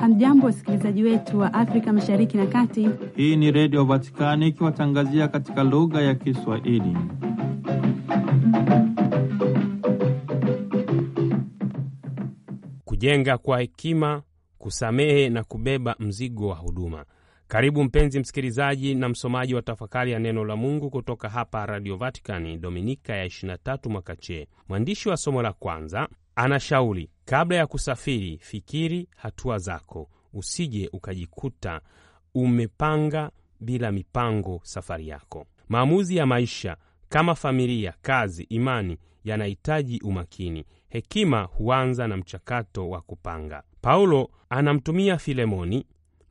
Hamjambo, wasikilizaji wetu wa Afrika mashariki na kati. Hii ni Redio Vatikani ikiwatangazia katika lugha ya Kiswahili. Kujenga kwa hekima, kusamehe na kubeba mzigo wa huduma karibu mpenzi msikilizaji na msomaji wa tafakari ya neno la Mungu kutoka hapa Radio Vaticani, Dominika ya 23 mwaka C. Mwandishi wa somo la kwanza anashauri kabla ya kusafiri, fikiri hatua zako, usije ukajikuta umepanga bila mipango safari yako. Maamuzi ya maisha kama familia, kazi, imani yanahitaji umakini. Hekima huanza na mchakato wa kupanga. Paulo anamtumia Filemoni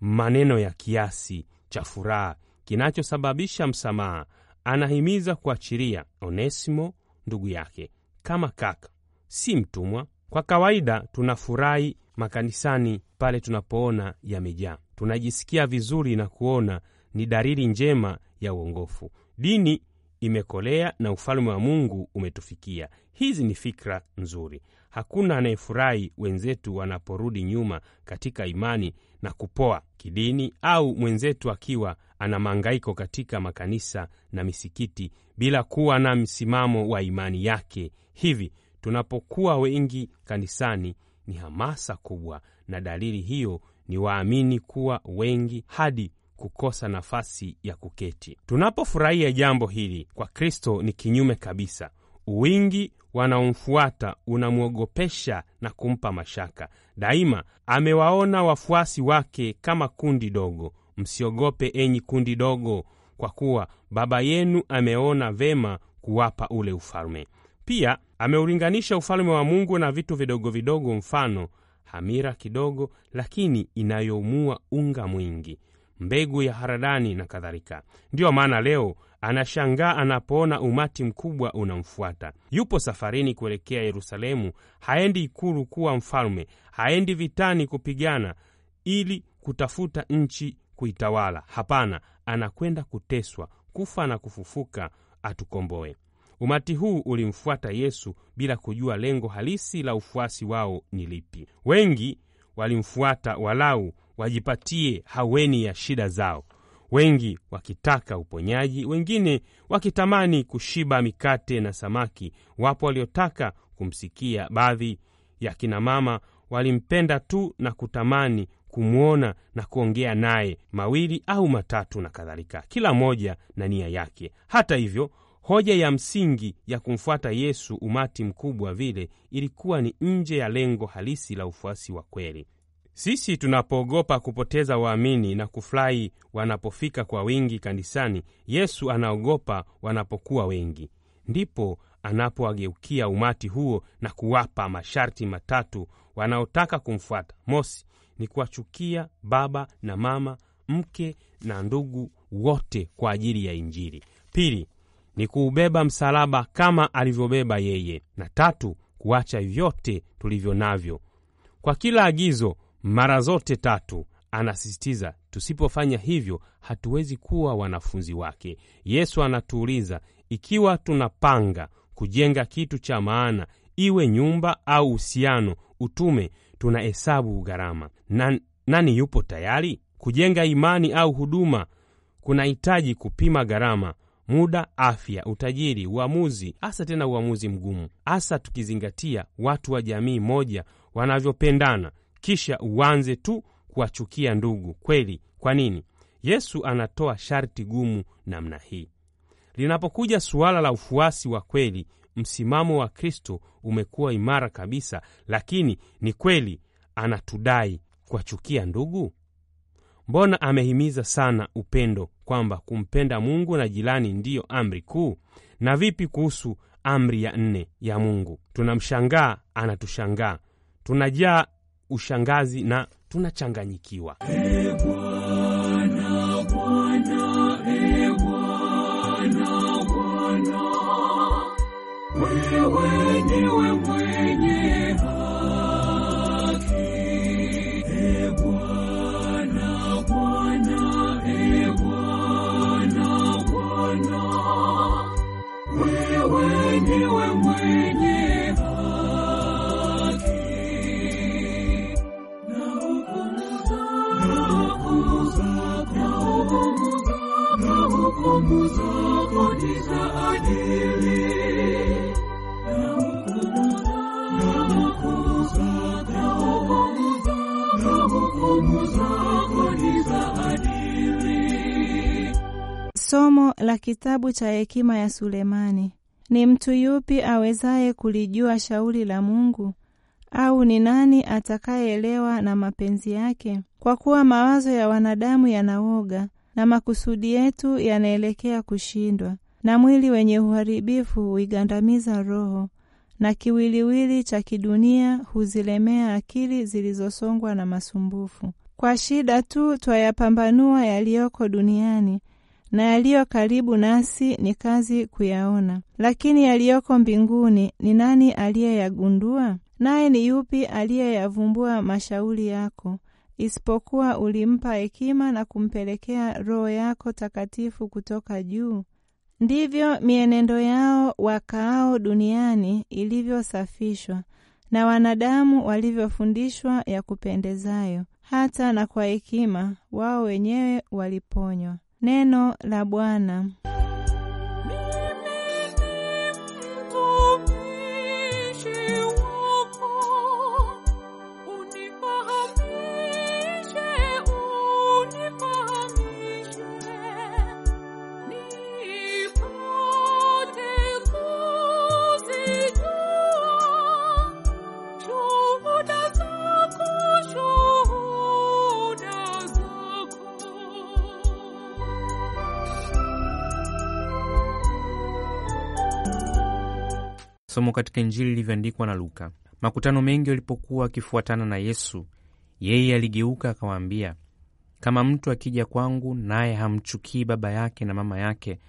maneno ya kiasi cha furaha kinachosababisha msamaha. Anahimiza kuachiria Onesimo ndugu yake kama kaka, si mtumwa. Kwa kawaida tunafurahi makanisani pale tunapoona yamejaa, tunajisikia vizuri na kuona ni dalili njema ya uongofu. Dini imekolea na ufalme wa Mungu umetufikia. Hizi ni fikra nzuri. Hakuna anayefurahi wenzetu wanaporudi nyuma katika imani na kupoa kidini, au mwenzetu akiwa ana maangaiko katika makanisa na misikiti bila kuwa na msimamo wa imani yake. Hivi tunapokuwa wengi kanisani, ni hamasa kubwa, na dalili hiyo ni waamini kuwa wengi hadi kukosa nafasi ya kuketi. Tunapofurahia jambo hili, kwa Kristo ni kinyume kabisa. Wingi wanaomfuata unamwogopesha na kumpa mashaka. Daima amewaona wafuasi wake kama kundi dogo. Msiogope enyi kundi dogo, kwa kuwa Baba yenu ameona vema kuwapa ule ufalme. Pia ameulinganisha ufalme wa Mungu na vitu vidogo vidogo, mfano hamira kidogo, lakini inayoumua unga mwingi mbegu ya haradani na kadhalika. Ndiyo maana leo anashangaa anapoona umati mkubwa unamfuata. Yupo safarini kuelekea Yerusalemu, haendi ikulu kuwa mfalme, haendi vitani kupigana ili kutafuta nchi kuitawala. Hapana, anakwenda kuteswa, kufa na kufufuka atukomboe. Umati huu ulimfuata Yesu bila kujua lengo halisi la ufuasi wao ni lipi. Wengi walimfuata walau wajipatie haweni ya shida zao, wengi wakitaka uponyaji, wengine wakitamani kushiba mikate na samaki. Wapo waliotaka kumsikia. Baadhi ya kinamama walimpenda tu na kutamani kumwona na kuongea naye mawili au matatu na kadhalika, kila moja na nia yake. Hata hivyo, hoja ya msingi ya kumfuata Yesu umati mkubwa vile ilikuwa ni nje ya lengo halisi la ufuasi wa kweli. Sisi tunapoogopa kupoteza waamini na kufurahi wanapofika kwa wingi kanisani, Yesu anaogopa wanapokuwa wengi. Ndipo anapowageukia umati huo na kuwapa masharti matatu wanaotaka kumfuata. Mosi ni kuwachukia baba na mama, mke na ndugu wote kwa ajili ya Injili. Pili ni kuubeba msalaba kama alivyobeba yeye, na tatu kuacha vyote tulivyo navyo. Kwa kila agizo mara zote tatu anasisitiza tusipofanya hivyo hatuwezi kuwa wanafunzi wake. Yesu anatuuliza ikiwa tunapanga kujenga kitu cha maana, iwe nyumba au uhusiano, utume, tunahesabu gharama. Nan, nani yupo tayari kujenga? Imani au huduma kunahitaji kupima gharama, muda, afya, utajiri, uamuzi, hasa tena uamuzi mgumu, hasa tukizingatia watu wa jamii moja wanavyopendana kisha uanze tu kuwachukia ndugu kweli. Kwa nini? Yesu anatoa sharti gumu namna hii. Linapokuja suala la ufuasi wa kweli, msimamo wa Kristo umekuwa imara kabisa, lakini ni kweli anatudai kuwachukia ndugu? Mbona amehimiza sana upendo, kwamba kumpenda Mungu na jirani ndiyo amri kuu? Na vipi kuhusu amri ya nne ya Mungu? Tunamshangaa, anatushangaa. Tunajaa ushangazi na tunachanganyikiwa. E Bwana, Bwana, Bwana, wewe Somo la kitabu cha hekima ya Sulemani. Ni mtu yupi awezaye kulijua shauri la Mungu? Au ni nani atakayeelewa na mapenzi yake? Kwa kuwa mawazo ya wanadamu yanaoga na makusudi yetu yanaelekea kushindwa, na mwili wenye uharibifu huigandamiza roho na kiwiliwili cha kidunia huzilemea akili zilizosongwa na masumbufu. Kwa shida tu twayapambanua yaliyoko duniani na yaliyo karibu nasi ni kazi kuyaona, lakini yaliyoko mbinguni ni nani aliyeyagundua? Naye ni yupi aliyeyavumbua mashauri yako? Isipokuwa ulimpa hekima na kumpelekea Roho yako Takatifu kutoka juu ndivyo mienendo yao wakaao duniani ilivyosafishwa na wanadamu walivyofundishwa ya kupendezayo, hata na kwa hekima wao wenyewe waliponywa. Neno la Bwana. somo katika Injili lilivyoandikwa na Luka. Makutano mengi walipokuwa wakifuatana na Yesu, yeye aligeuka akawaambia, kama mtu akija kwangu naye hamchukii baba yake na mama yake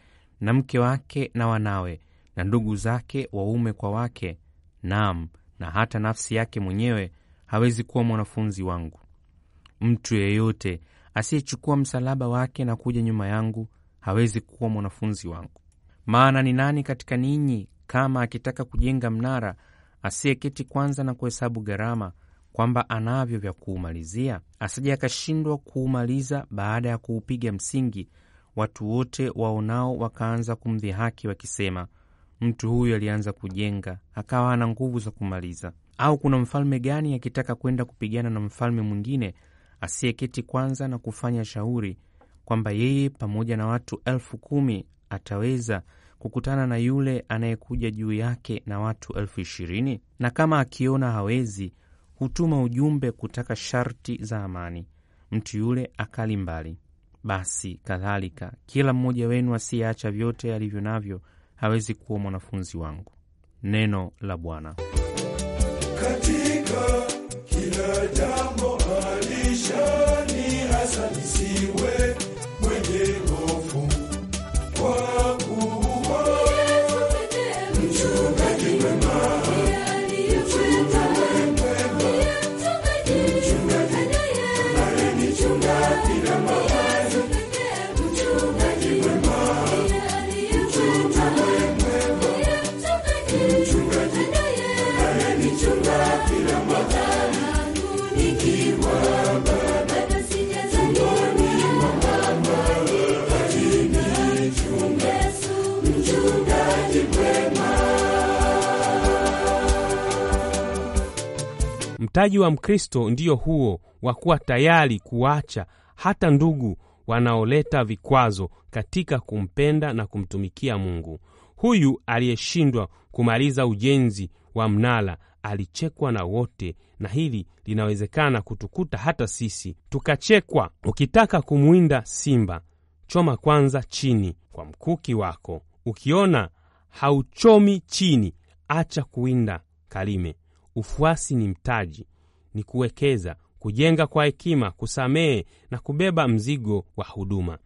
na mke wake na wanawe na ndugu zake waume kwa wake, naam, na hata nafsi yake mwenyewe, hawezi kuwa mwanafunzi wangu. Mtu yeyote asiyechukua msalaba wake na kuja nyuma yangu hawezi kuwa mwanafunzi wangu. Maana ni nani katika ninyi kama akitaka kujenga mnara asiyeketi kwanza na kuhesabu gharama kwamba anavyo vya kuumalizia, asije akashindwa kuumaliza baada ya kuupiga msingi, watu wote waonao wakaanza kumdhihaki wakisema, mtu huyu alianza kujenga akawa ana nguvu za kumaliza. Au kuna mfalme gani akitaka kwenda kupigana na mfalme mwingine asiyeketi kwanza na kufanya shauri kwamba yeye pamoja na watu elfu kumi ataweza kukutana na yule anayekuja juu yake na watu elfu ishirini? Na kama akiona hawezi, hutuma ujumbe kutaka sharti za amani, mtu yule akali mbali. Basi kadhalika kila mmoja wenu asiyeacha vyote alivyo navyo hawezi kuwa mwanafunzi wangu. Neno la Bwana. Katika kila jambo Mtaji wa Mkristo ndiyo huo wa kuwa tayari kuacha hata ndugu wanaoleta vikwazo katika kumpenda na kumtumikia Mungu. Huyu aliyeshindwa kumaliza ujenzi wa mnala alichekwa na wote, na hili linawezekana kutukuta hata sisi tukachekwa. Ukitaka kumwinda simba, choma kwanza chini kwa mkuki wako. Ukiona hauchomi chini, acha kuwinda. Kalime: ufuasi ni mtaji, ni kuwekeza, kujenga kwa hekima, kusamehe na kubeba mzigo wa huduma.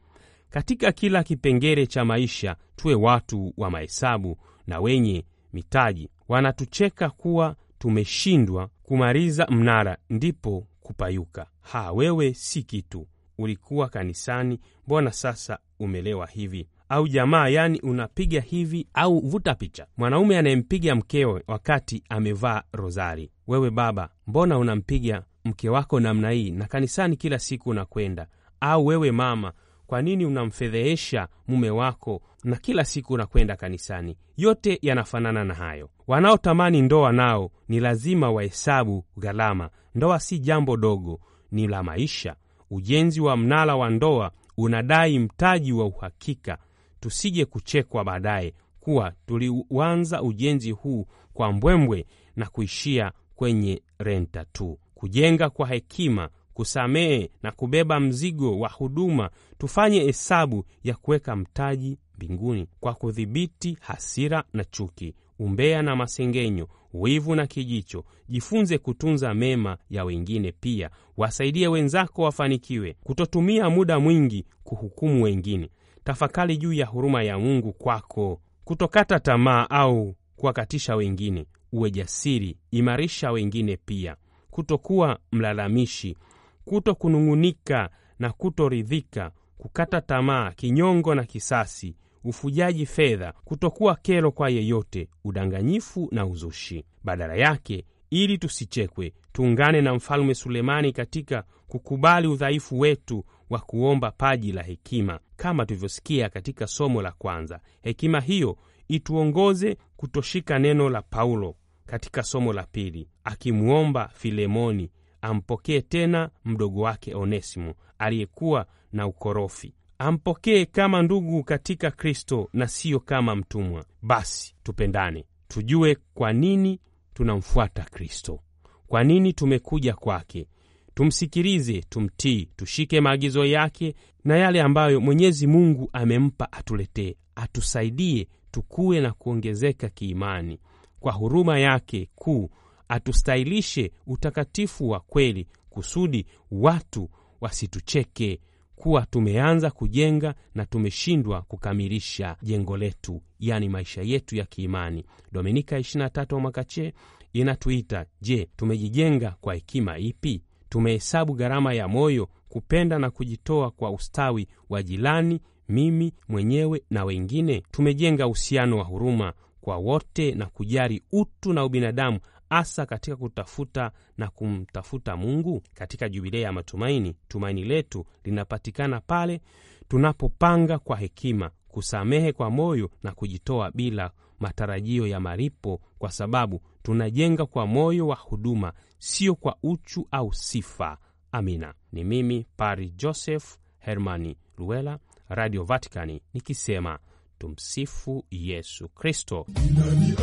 Katika kila kipengele cha maisha tuwe watu wa mahesabu na wenye mitaji. Wanatucheka kuwa tumeshindwa kumaliza mnara, ndipo kupayuka. Ha, wewe si kitu, ulikuwa kanisani, mbona sasa umelewa hivi? Au jamaa, yani unapiga hivi? Au vuta picha, mwanaume anayempiga mkewe wakati amevaa rozari. Wewe baba, mbona unampiga mke wako namna hii, na kanisani kila siku unakwenda? Au wewe mama kwa nini unamfedhehesha mume wako na kila siku unakwenda kanisani? Yote yanafanana na hayo. Wanaotamani ndoa nao ni lazima wahesabu gharama. Ndoa si jambo dogo, ni la maisha. Ujenzi wa mnara wa ndoa unadai mtaji wa uhakika. Tusije kuchekwa baadaye kuwa tuliuanza ujenzi huu kwa mbwembwe na kuishia kwenye renta tu. Kujenga kwa hekima kusamehe na kubeba mzigo wa huduma, tufanye hesabu ya kuweka mtaji mbinguni kwa kudhibiti hasira na chuki, umbea na masengenyo, wivu na kijicho. Jifunze kutunza mema ya wengine pia, wasaidie wenzako wafanikiwe, kutotumia muda mwingi kuhukumu wengine. Tafakari juu ya huruma ya Mungu kwako, kutokata tamaa au kuwakatisha wengine. Uwe jasiri, imarisha wengine pia, kutokuwa mlalamishi kuto kunung'unika na kutoridhika, kukata tamaa, kinyongo na kisasi, ufujaji fedha, kutokuwa kero kwa yeyote, udanganyifu na uzushi. Badala yake, ili tusichekwe, tuungane na Mfalme Sulemani katika kukubali udhaifu wetu wa kuomba paji la hekima, kama tulivyosikia katika somo la kwanza. Hekima hiyo ituongoze kutoshika neno la Paulo katika somo la pili, akimwomba Filemoni ampokee tena mdogo wake Onesimo aliyekuwa na ukorofi, ampokee kama ndugu katika Kristo na siyo kama mtumwa. Basi tupendane, tujue kwa nini tunamfuata Kristo, kwa nini tumekuja kwake. Tumsikilize, tumtii, tushike maagizo yake na yale ambayo Mwenyezi Mungu amempa atuletee, atusaidie tukue na kuongezeka kiimani kwa huruma yake kuu atustahilishe utakatifu wa kweli, kusudi watu wasitucheke kuwa tumeanza kujenga na tumeshindwa kukamilisha jengo letu, yaani maisha yetu ya kiimani. Dominika 23 Makache inatuita je, tumejijenga kwa hekima ipi? Tumehesabu gharama ya moyo, kupenda na kujitoa kwa ustawi wa jirani, mimi mwenyewe na wengine? Tumejenga uhusiano wa huruma kwa wote na kujali utu na ubinadamu hasa katika kutafuta na kumtafuta Mungu katika Jubilei ya Matumaini. Tumaini letu linapatikana pale tunapopanga kwa hekima, kusamehe kwa moyo na kujitoa bila matarajio ya malipo, kwa sababu tunajenga kwa moyo wa huduma, sio kwa uchu au sifa. Amina. Ni mimi Pari Joseph Hermani Luela, Radio Vaticani, nikisema Tumsifu Yesu Kristo. Nani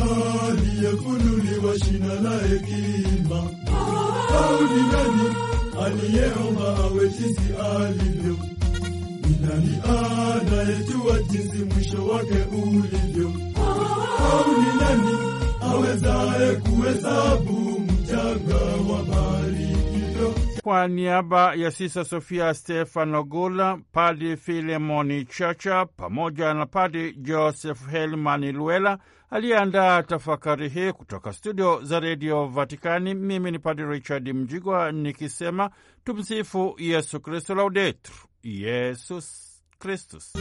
aliyekunuliwa shina la hekima? Au ni nani aliyeomba awe jinsi alivyo? Ni nani anayejua jinsi mwisho wake ulivyo? Au ni nani awezaye kuhesabu mchanga wa bahari? Kwa niaba ya Sisa Sofia Stefano Gula, Padi Filemoni Chacha pamoja na Padi Joseph Helmani Luela aliyeandaa tafakari hii kutoka studio za redio Vatikani. Mimi ni Padi Richard Mjigwa nikisema tumsifu Yesu Kristu, laudetur Yesus Kristus.